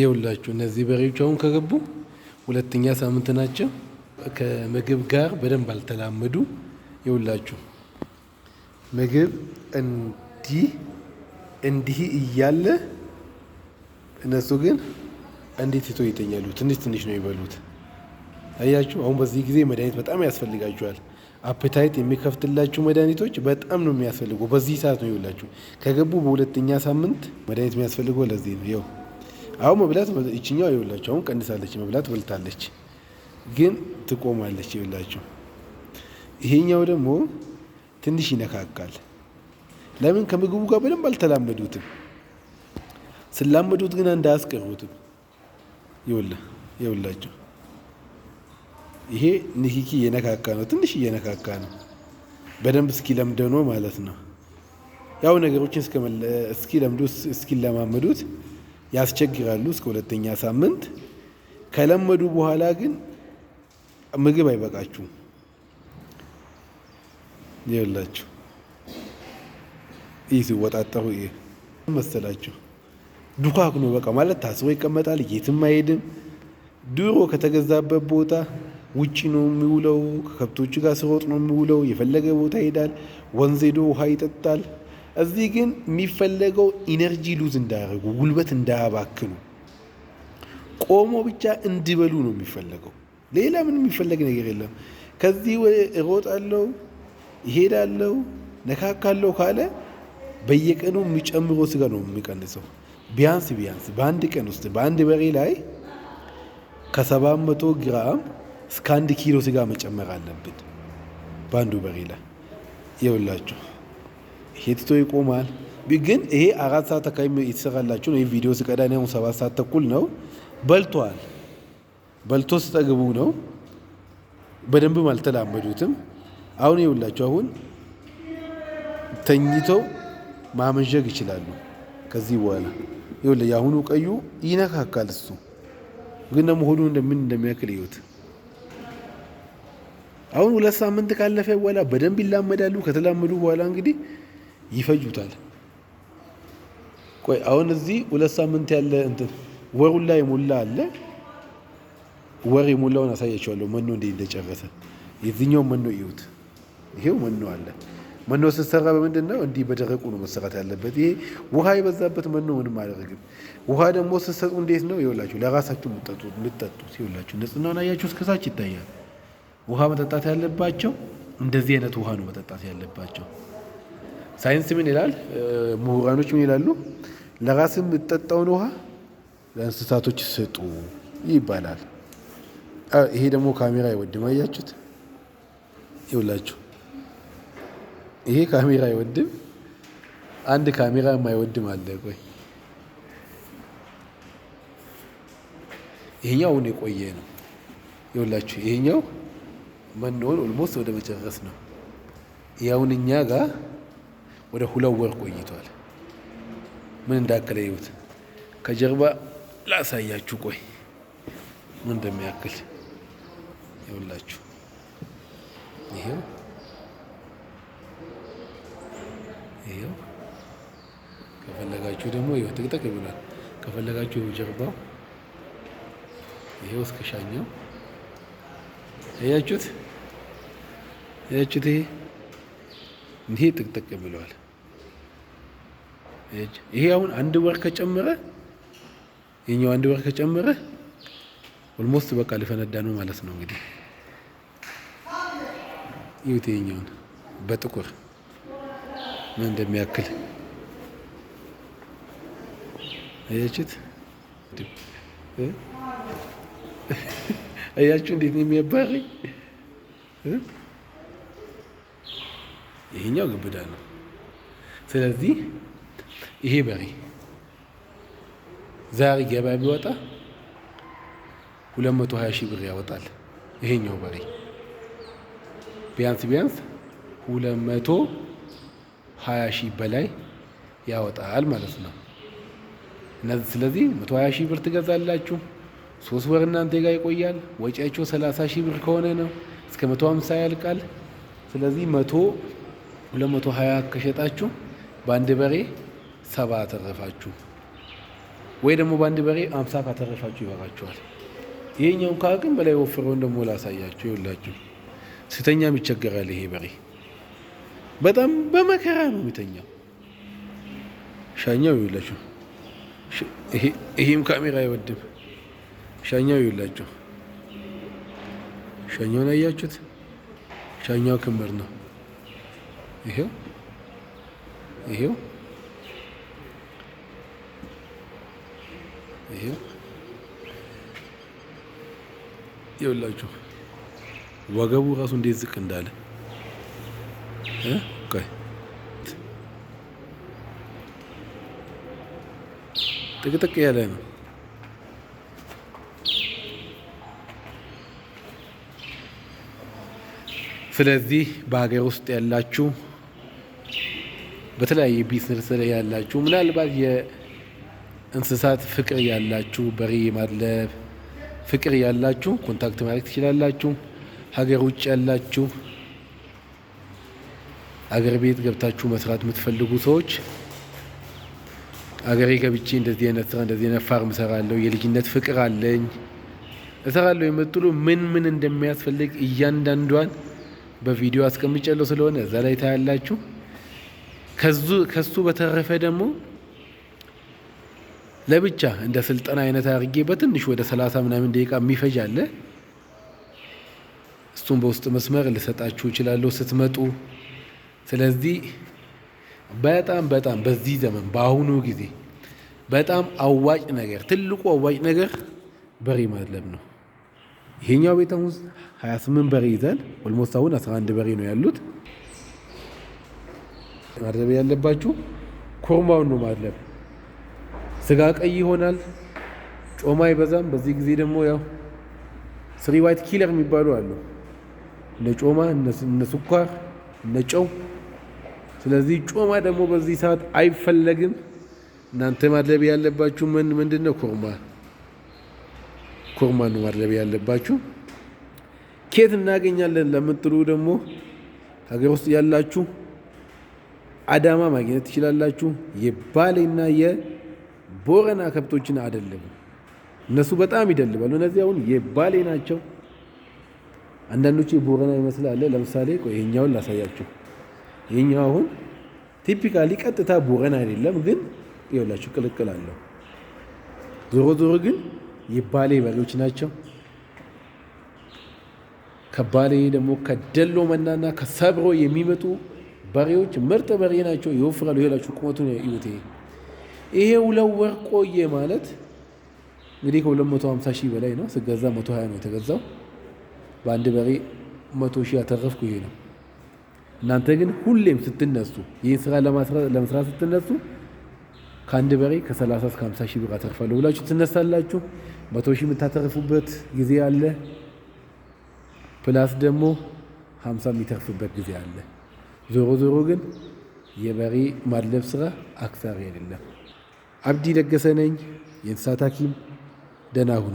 ይውላችሁ እነዚህ በሬዎች አሁን ከገቡ ሁለተኛ ሳምንት ናቸው። ከምግብ ጋር በደንብ አልተላመዱ። የውላችሁ ምግብ እንዲህ እንዲህ እያለ እነሱ ግን እንዴት ይቶ ይተኛሉ። ትንሽ ትንሽ ነው ይበሉት። አያችሁ፣ አሁን በዚህ ጊዜ መድኃኒት በጣም ያስፈልጋችኋል። አፕታይት የሚከፍትላችሁ መድኃኒቶች በጣም ነው የሚያስፈልጉ። በዚህ ሰዓት ነው ይውላችሁ ከገቡ በሁለተኛ ሳምንት መድኃኒት የሚያስፈልገው ለዚህ ነው ይው አሁን መብላት እችኛው ይውላችሁ፣ አሁን ቀንሳለች፣ መብላት በልታለች፣ ግን ትቆማለች። ይውላችሁ፣ ይሄኛው ደግሞ ትንሽ ይነካካል። ለምን ከምግቡ ጋር በደንብ አልተላመዱትም። ስላመዱት ግን እንዳያስቀሩትም ይውላ ይውላችሁ፣ ይሄ ንኪኪ እየነካካ ነው፣ ትንሽ እየነካካ ነው። በደንብ እስኪ ለምደኖ ማለት ነው። ያው ነገሮችን እስኪለምዱ እስኪለማመዱት ያስቸግራሉ እስከ ሁለተኛ ሳምንት። ከለመዱ በኋላ ግን ምግብ አይበቃችሁም። ይላችሁ ይህ ሲወጣጠሩ ይህ መሰላችሁ ዱካክ ነው። በቃ ማለት ታስሮ ይቀመጣል፣ የትም አይሄድም። ድሮ ከተገዛበት ቦታ ውጭ ነው የሚውለው። ከከብቶቹ ጋር ስሮጥ ነው የሚውለው። የፈለገ ቦታ ይሄዳል። ወንዝ ሄዶ ውሃ ይጠጣል። እዚህ ግን የሚፈለገው ኢነርጂ ሉዝ እንዳያደርጉ፣ ጉልበት እንዳያባክኑ፣ ቆሞ ብቻ እንዲበሉ ነው የሚፈለገው። ሌላ ምን የሚፈለግ ነገር የለም። ከዚህ እሮጣለሁ፣ ይሄዳለሁ፣ ነካካለሁ ካለ በየቀኑ የሚጨምረው ስጋ ነው የሚቀንሰው። ቢያንስ ቢያንስ በአንድ ቀን ውስጥ በአንድ በሬ ላይ ከሰባት መቶ ግራም እስከ አንድ ኪሎ ስጋ መጨመር አለብን። በአንዱ በሬ ላይ የውላችሁ ሄትቶ ይቆማል። ግን ይሄ አራት ሰዓት አካባቢ የተሰራላችሁ ነው። ይህ ቪዲዮ ስቀዳ ነው ሰባት ሰዓት ተኩል ነው። በልቷል። በልቶ ስጠግቡ ነው። በደንብም አልተላመዱትም። አሁን ይውላችሁ አሁን ተኝተው ማመንዠግ ይችላሉ። ከዚህ በኋላ ይውላ የአሁኑ ቀዩ ይነካካል። እሱ ግን ደግሞ ሆዱ እንደምን እንደሚያክል ይዩት። አሁን ሁለት ሳምንት ካለፈ በኋላ በደንብ ይላመዳሉ። ከተላመዱ በኋላ እንግዲህ ይፈጁታል። ቆይ አሁን እዚህ ሁለት ሳምንት ያለ እንትን ወሩ ላይ ሙላ አለ። ወር የሞላውን አሳያቸዋለሁ። መኖ እንዴ እንደጨረሰ የዚኛው መኖ እዩት። ይሄው መኖ አለ። መኖ ስትሰራ በምንድን ነው? እንዲህ በደረቁ ነው መሰራት ያለበት። ይሄ ውሃ የበዛበት መኖ ምንም አያደርግም። ውሃ ደግሞ ስትሰጡ እንዴት ነው ይውላችሁ፣ ለራሳችሁ የምጠጡት የምጠጡት ይውላችሁ፣ ንጽህናውን አያችሁ፣ እስከታች ይታያል። ውሃ መጠጣት ያለባቸው እንደዚህ አይነት ውሃ ነው መጠጣት ያለባቸው። ሳይንስ ምን ይላል? ምሁራኖች ምን ይላሉ? ለራስ የምጠጣውን ውሃ ለእንስሳቶች ስጡ ይባላል። ይሄ ደግሞ ካሜራ አይወድም። አያችሁት? ይውላችሁ ይሄ ካሜራ አይወድም። አንድ ካሜራ የማይወድም አለ። ቆይ ይሄኛው አሁን የቆየ ነው። ይውላችሁ ይሄኛው መኖን ኦልሞስት ወደ መጨረስ ነው። ያውን እኛ ጋር ወደ ሁለት ወር ቆይቷል። ምን እንዳከለ ይሁት ከጀርባ ላሳያችሁ። ቆይ ምን እንደሚያክል ይኸውላችሁ። ይሄው ይሄው ከፈለጋችሁ ደግሞ ይሄው ጥቅጥቅ ይብላል። ከፈለጋችሁ ይሄው ጀርባው ይሄው እስከ ሻኛው ያያችሁት ያያችሁት ይሄ ይሄ ጥቅጥቅ ብለዋል። ይሄ አሁን አንድ ወር ከጨመረ የኛው አንድ ወር ከጨመረ ኦልሞስት በቃ ሊፈነዳ ነው ማለት ነው። እንግዲህ ይሁት የኛውን በጥቁር ምን እንደሚያክል አያችሁት? አያችሁ እንዴት ነው የሚያባረኝ? ይሄኛው ግብዳ ነው። ስለዚህ ይሄ በሬ ዛሬ ገበያ ቢወጣ 220 ሺህ ብር ያወጣል። ይሄኛው በሬ ቢያንስ ቢያንስ 220 ሺህ በላይ ያወጣል ማለት ነው። እነዚህ ስለዚህ 120 ብር ትገዛላችሁ። ሶስት ወር እናንተ ጋር ይቆያል። ወጪያችሁ 30 ሺህ ብር ከሆነ ነው እስከ 150 ያልቃል። ስለዚህ 100 220 ከሸጣችሁ በአንድ በሬ ሰባ አተረፋችሁ ወይ ደግሞ በአንድ በሬ አምሳ ካተረፋችሁ ይበቃችኋል። ይሄኛውን ከአቅም በላይ ወፍረውን ደግሞ ላሳያችሁ። ይውላችሁ ሲተኛም ይቸገራል። ይሄ በሬ በጣም በመከራ ነው የሚተኛው። ሻኛው ይውላችሁ፣ ይህም ካሜራ አይወድም። ሻኛው ይውላችሁ፣ ሻኛውን አያችሁት? ሻኛው ክምር ነው። ይሄው ይሄው ይሄም ይኸውላችሁ ወገቡ ራሱ እንዴት ዝቅ እንዳለ ጥቅጥቅ ያለ ነው። ስለዚህ በሀገር ውስጥ ያላችሁ በተለያየ ቢዝነስ ላይ ያላችሁ ምናልባት እንስሳት ፍቅር ያላችሁ በሬ ማድለብ ፍቅር ያላችሁ ኮንታክት ማድረግ ትችላላችሁ። ሀገር ውጭ ያላችሁ አገር ቤት ገብታችሁ መስራት የምትፈልጉ ሰዎች አገሬ ገብቼ እንደዚህ አይነት ስራ እንደዚህ አይነት ፋርም እሰራለሁ፣ የልጅነት ፍቅር አለኝ እሰራለሁ የምትሉ ምን ምን እንደሚያስፈልግ እያንዳንዷን በቪዲዮ አስቀምጫለሁ። ስለሆነ እዛ ላይ ታያላችሁ። ከሱ በተረፈ ደግሞ ለብቻ እንደ ስልጠና አይነት አድርጌ በትንሽ ወደ ሰላሳ ምናምን ደቂቃ የሚፈጅ አለ። እሱም በውስጥ መስመር ልሰጣችሁ እችላለሁ ስትመጡ። ስለዚህ በጣም በጣም በዚህ ዘመን በአሁኑ ጊዜ በጣም አዋጭ ነገር ትልቁ አዋጭ ነገር በሬ ማድለብ ነው። ይሄኛው ቤት አሁን 28 በሬ ይዛል ኦልሞስት አሁን 11 በሬ ነው ያሉት። ማድለብ ያለባችሁ ኮርማውን ነው ማድለብ ስጋ ቀይ ይሆናል። ጮማ አይበዛም። በዚህ ጊዜ ደግሞ ያው ስሪ ዋይት ኪለር የሚባሉ አሉ፣ እነ ጮማ፣ እነ ስኳር፣ እነ ጨው። ስለዚህ ጮማ ደግሞ በዚህ ሰዓት አይፈለግም። እናንተ ማድለብ ያለባችሁ ምን ምንድን ነው? ኮርማ ኮርማ ነው ማድለብ ያለባችሁ። ኬት እናገኛለን ለምትሉ ደግሞ ሀገር ውስጥ ያላችሁ አዳማ ማግኘት ትችላላችሁ። የባሌና የ ቦረና ከብቶችን አደልብም። እነሱ በጣም ይደልባሉ። እነዚህ አሁን የባሌ ናቸው። አንዳንዶቹ የቦረና ይመስላል። ለምሳሌ ይሄኛውን ላሳያችሁ። ይሄኛው አሁን ቲፒካሊ ቀጥታ ቦረና አይደለም፣ ግን ይኸውላችሁ ቅልቅል አለው። ዞሮ ዞሮ ግን የባሌ በሬዎች ናቸው። ከባሌ ደግሞ ከደሎ መናና ከሰብሮ የሚመጡ በሬዎች ምርጥ በሬ ናቸው። ይወፍራሉ። ይኸውላችሁ ቁመቱን ይዩት። ይሄ ሁለት ወር ቆየ ማለት እንግዲህ መቶ 250 ሺህ በላይ ነው። ስገዛ ሀያ ነው የተገዛው። በአንድ በሬ 100 ሺህ ያተረፍኩ ይሄ ነው። እናንተ ግን ሁሌም ስትነሱ ይህን ስራ ለመስራት ስትነሱ ከአንድ በሬ ከ30 እስከ 50 ሺህ ብር አተርፋለሁ ብላችሁ ትነሳላችሁ። 100 ሺህ የምታተርፉበት ጊዜ አለ። ፕላስ ደግሞ 50 የሚተርፍበት ጊዜ አለ። ዞሮ ዞሮ ግን የበሬ ማድለብ ስራ አክሳሪ አይደለም። አብዲ ለገሰ ነኝ፣ የእንስሳት ሐኪም። ደህና ሁኑ።